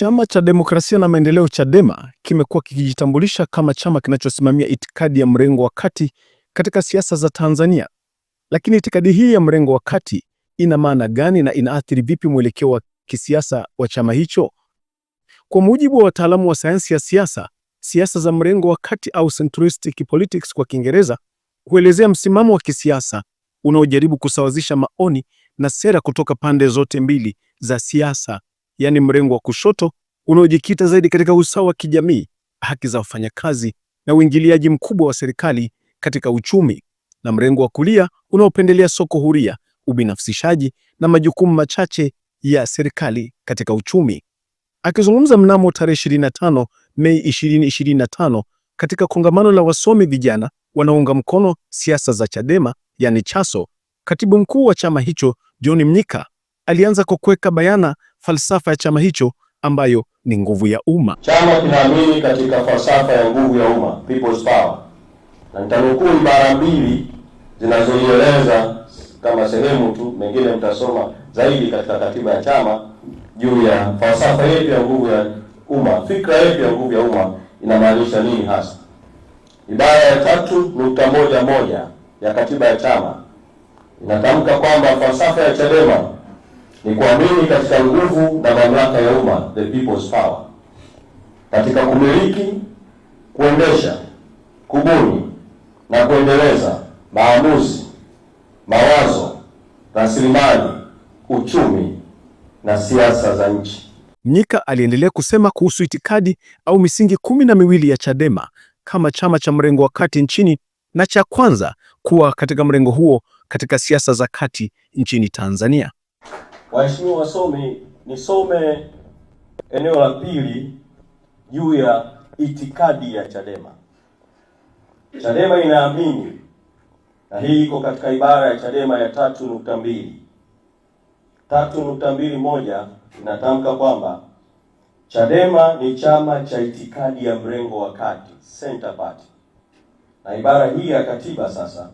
Chama cha Demokrasia na Maendeleo Chadema kimekuwa kikijitambulisha kama chama kinachosimamia itikadi ya mrengo wa kati katika siasa za Tanzania. Lakini itikadi hii ya mrengo wa kati ina maana gani na inaathiri vipi mwelekeo wa kisiasa wa chama hicho? Kwa mujibu wa wataalamu wa sayansi ya siasa, siasa za mrengo wa kati au centristic politics kwa Kiingereza huelezea msimamo wa kisiasa unaojaribu kusawazisha maoni na sera kutoka pande zote mbili za siasa yaani mrengo wa kushoto unaojikita zaidi katika usawa wa kijamii, haki za wafanyakazi na uingiliaji mkubwa wa serikali katika uchumi, na mrengo wa kulia unaopendelea soko huria, ubinafsishaji na majukumu machache ya serikali katika uchumi. Akizungumza mnamo tarehe 25 Mei 2025 katika kongamano la wasomi vijana wanaunga mkono siasa za Chadema yani Chaso, katibu mkuu wa chama hicho John Mnyika alianza kwa kuweka bayana falsafa ya chama hicho ambayo ni nguvu ya umma. Chama kinaamini katika falsafa ya nguvu ya umma, people's power, na nitanukuu ibara mbili zinazoieleza kama sehemu tu, mengine mtasoma zaidi katika katiba ya chama juu ya falsafa yetu ya nguvu ya umma, fikra yetu ya nguvu ya umma inamaanisha nini hasa. Ibara ya tatu nukta moja moja ya katiba ya chama inatamka kwamba falsafa ya Chadema ni kuamini katika nguvu na mamlaka ya umma, the people's power, katika kumiliki, kuendesha, kubuni na kuendeleza maamuzi, mawazo, rasilimali, uchumi na siasa za nchi. Mnyika aliendelea kusema kuhusu itikadi au misingi kumi na miwili ya Chadema kama chama cha mrengo wa kati nchini na cha kwanza kuwa katika mrengo huo katika siasa za kati nchini Tanzania. Waheshimiwa wasomi, nisome eneo la pili juu ya itikadi ya Chadema. Chadema inaamini, na hii iko katika ibara ya Chadema ya tatu nukta mbili tatu nukta mbili moja inatamka kwamba Chadema ni chama cha itikadi ya mrengo wa kati, center party, na ibara hii ya katiba sasa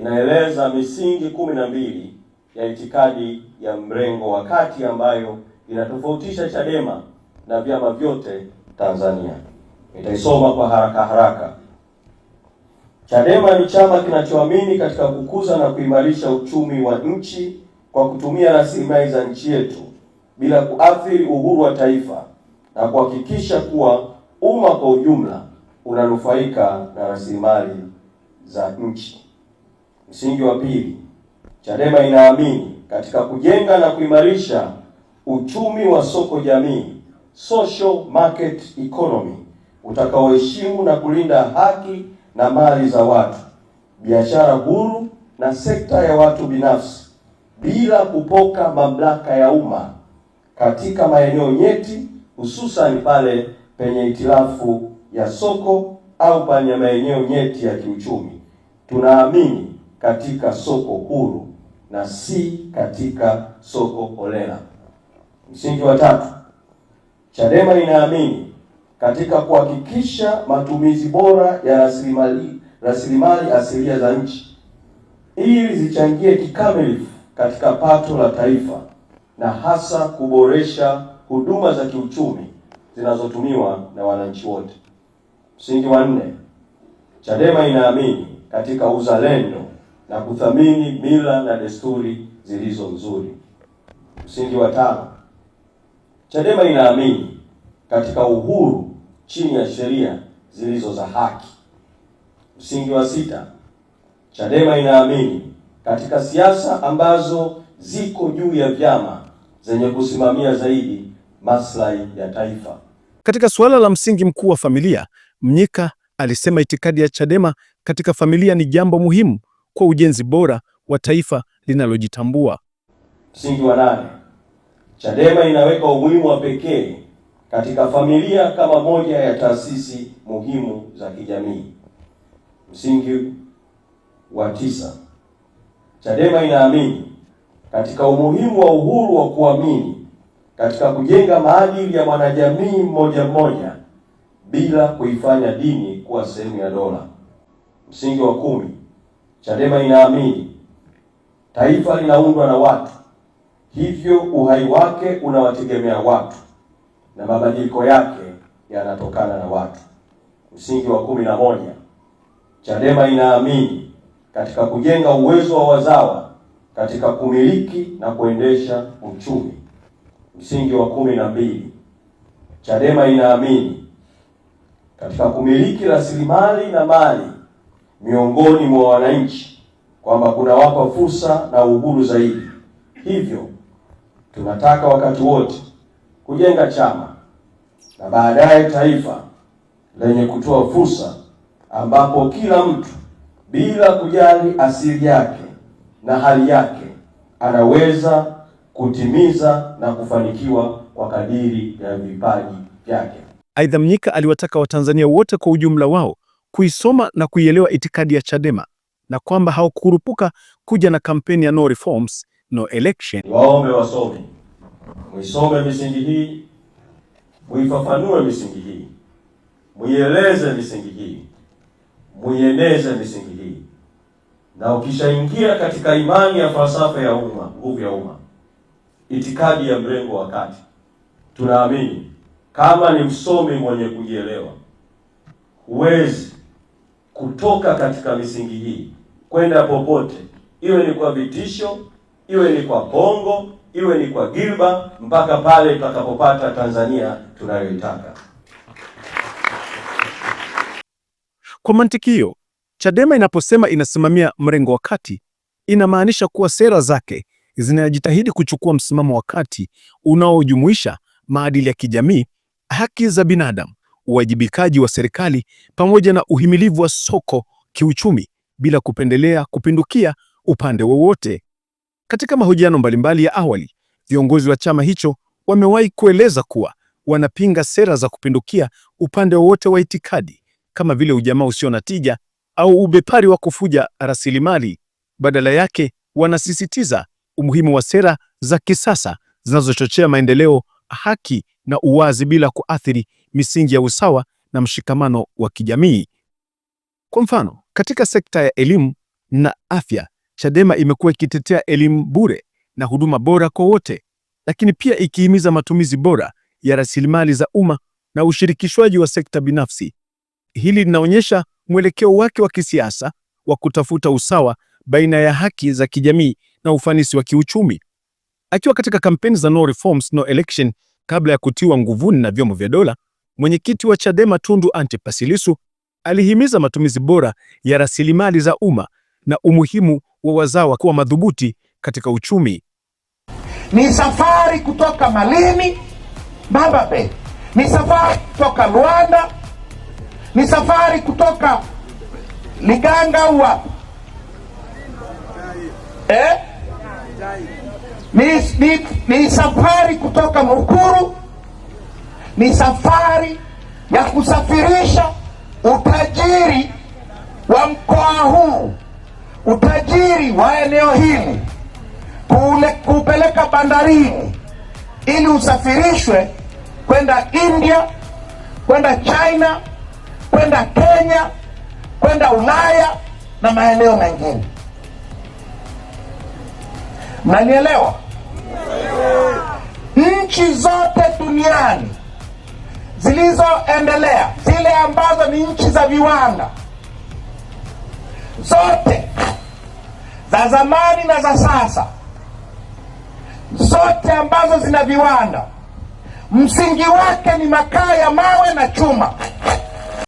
inaeleza misingi kumi na mbili ya itikadi ya mrengo wa kati ambayo inatofautisha Chadema na vyama vyote Tanzania. Nitaisoma kwa haraka haraka. Chadema ni chama kinachoamini katika kukuza na kuimarisha uchumi wa nchi kwa kutumia rasilimali za nchi yetu bila kuathiri uhuru wa taifa na kuhakikisha kuwa umma kwa ujumla unanufaika na rasilimali za nchi. Msingi wa pili, Chadema inaamini katika kujenga na kuimarisha uchumi wa soko jamii, social market economy, utakaoheshimu na kulinda haki na mali za watu, biashara huru na sekta ya watu binafsi bila kupoka mamlaka ya umma katika maeneo nyeti, hususani pale penye itilafu ya soko au penye maeneo nyeti ya kiuchumi. Tunaamini katika soko huru na si katika soko holela. Msingi wa tatu, Chadema inaamini katika kuhakikisha matumizi bora ya rasilimali rasilimali asilia za nchi ili zichangie kikamilifu katika pato la taifa na hasa kuboresha huduma za kiuchumi zinazotumiwa na wananchi wote. Msingi wa nne, Chadema inaamini katika uzalendo na kuthamini mila na desturi zilizo nzuri. Msingi wa tano, Chadema inaamini katika uhuru chini ya sheria zilizo za haki. Msingi wa sita, Chadema inaamini katika siasa ambazo ziko juu ya vyama zenye kusimamia zaidi maslahi ya taifa. Katika suala la msingi mkuu wa familia, Mnyika alisema itikadi ya Chadema katika familia ni jambo muhimu kwa ujenzi bora wa taifa linalojitambua. Msingi wa nane, Chadema inaweka umuhimu wa pekee katika familia kama moja ya taasisi muhimu za kijamii. Msingi wa tisa, Chadema inaamini katika umuhimu wa uhuru wa kuamini katika kujenga maadili ya mwanajamii mmoja mmoja bila kuifanya dini kuwa sehemu ya dola. Msingi wa kumi Chadema inaamini taifa linaundwa na watu, hivyo uhai wake unawategemea watu na mabadiliko yake yanatokana na watu. Msingi wa kumi na moja, Chadema inaamini katika kujenga uwezo wa wazawa katika kumiliki na kuendesha uchumi. Msingi wa kumi na mbili, Chadema inaamini katika kumiliki rasilimali na mali miongoni mwa wananchi kwamba kunawapa fursa na uhuru zaidi. Hivyo tunataka wakati wote kujenga chama na baadaye taifa lenye kutoa fursa, ambapo kila mtu bila kujali asili yake na hali yake anaweza kutimiza na kufanikiwa kwa kadiri ya vipaji vyake. Aidha, Mnyika aliwataka Watanzania wote kwa ujumla wao kuisoma na kuielewa itikadi ya Chadema na kwamba haukurupuka kuja na kampeni ya no reforms no election. Waombe wasomi, muisome misingi hii, muifafanue misingi hii, muieleze misingi hii, muieneze misingi hii, na ukishaingia katika imani ya falsafa ya umma, nguvu ya umma, itikadi ya mrengo wa kati, tunaamini kama ni msomi mwenye kujielewa, huwezi kutoka katika misingi hii kwenda popote, iwe ni kwa vitisho, iwe ni kwa Kongo, iwe ni kwa Gilba, mpaka pale tutakapopata Tanzania tunayoitaka. Kwa mantikio, Chadema inaposema inasimamia mrengo wa kati, inamaanisha kuwa sera zake zinajitahidi kuchukua msimamo wa kati unaojumuisha maadili ya kijamii, haki za binadamu uwajibikaji wa serikali pamoja na uhimilivu wa soko kiuchumi bila kupendelea kupindukia upande wowote. Katika mahojiano mbalimbali ya awali, viongozi wa chama hicho wamewahi kueleza kuwa wanapinga sera za kupindukia upande wowote wa itikadi kama vile ujamaa usio na tija au ubepari wa kufuja rasilimali. Badala yake, wanasisitiza umuhimu wa sera za kisasa zinazochochea maendeleo, haki na uwazi bila kuathiri misingi ya usawa na mshikamano wa kijamii. Kwa mfano, katika sekta ya elimu na afya, Chadema imekuwa ikitetea elimu bure na huduma bora kwa wote, lakini pia ikihimiza matumizi bora ya rasilimali za umma na ushirikishwaji wa sekta binafsi. Hili linaonyesha mwelekeo wake wa kisiasa wa kutafuta usawa baina ya haki za kijamii na ufanisi wa kiuchumi. Akiwa katika kampeni za no reforms no election kabla ya kutiwa nguvuni na vyombo vya dola mwenyekiti wa Chadema Tundu Antipas Lissu alihimiza matumizi bora ya rasilimali za umma na umuhimu wa wazawa kuwa madhubuti katika uchumi. Ni safari kutoka Malimi Baba Bay, ni safari kutoka Luanda, ni safari kutoka Liganga uwa eh? ni, ni, ni safari kutoka Mukuru ni safari ya kusafirisha utajiri wa mkoa huu, utajiri wa eneo hili kupeleka bandarini ili usafirishwe kwenda India, kwenda China, kwenda Kenya, kwenda Ulaya na maeneo mengine. Mnanielewa? Nchi zote duniani zilizoendelea, zile ambazo ni nchi za viwanda, zote za zamani na za sasa, zote ambazo zina viwanda, msingi wake ni makaa ya mawe na chuma.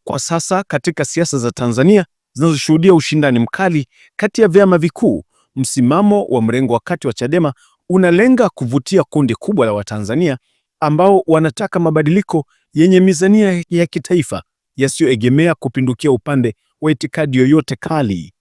Kwa sasa katika siasa za Tanzania zinazoshuhudia ushindani mkali kati ya vyama vikuu, msimamo wa mrengo wa kati wa Chadema unalenga kuvutia kundi kubwa la Watanzania ambao wanataka mabadiliko yenye mizania ya kitaifa yasiyoegemea kupindukia upande wa itikadi yoyote kali.